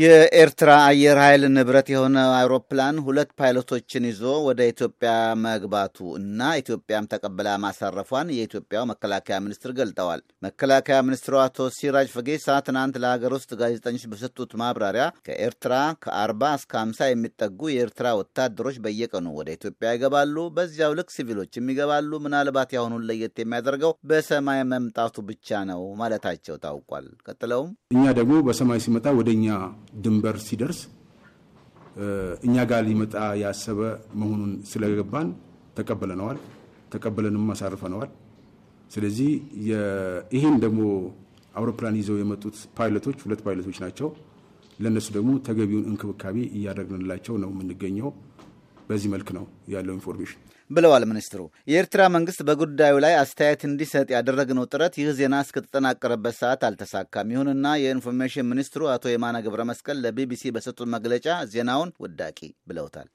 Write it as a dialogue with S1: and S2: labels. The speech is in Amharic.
S1: የኤርትራ አየር ኃይል ንብረት የሆነ አውሮፕላን ሁለት ፓይለቶችን ይዞ ወደ ኢትዮጵያ መግባቱ እና ኢትዮጵያም ተቀብላ ማሳረፏን የኢትዮጵያው መከላከያ ሚኒስትር ገልጠዋል። መከላከያ ሚኒስትሩ አቶ ሲራጅ ፈጌሳ ትናንት ለሀገር ውስጥ ጋዜጠኞች በሰጡት ማብራሪያ ከኤርትራ ከ40 እስከ 50 የሚጠጉ የኤርትራ ወታደሮች በየቀኑ ወደ ኢትዮጵያ ይገባሉ፣ በዚያው ልክ ሲቪሎችም ይገባሉ። ምናልባት ያሁኑን ለየት የሚያደርገው በሰማይ መምጣቱ ብቻ ነው ማለታቸው ታውቋል። ቀጥለውም
S2: እኛ ደግሞ በሰማይ ሲመጣ ወደኛ ድንበር ሲደርስ እኛ ጋር ሊመጣ ያሰበ መሆኑን ስለገባን ተቀበለነዋል። ተቀበለንም አሳርፈነዋል። ስለዚህ ይህን ደግሞ አውሮፕላን ይዘው የመጡት ፓይለቶች ሁለት ፓይለቶች ናቸው። ለእነሱ ደግሞ ተገቢውን እንክብካቤ እያደረግንላቸው ነው የምንገኘው። በዚህ መልክ ነው ያለው ኢንፎርሜሽን ብለዋል ሚኒስትሩ። የኤርትራ
S1: መንግስት በጉዳዩ ላይ አስተያየት እንዲሰጥ ያደረግነው ጥረት ይህ ዜና እስከተጠናቀረበት ሰዓት አልተሳካም። ይሁንና የኢንፎርሜሽን ሚኒስትሩ አቶ የማነ ገብረ መስቀል ለቢቢሲ በሰጡት መግለጫ ዜናውን ውዳቂ ብለውታል።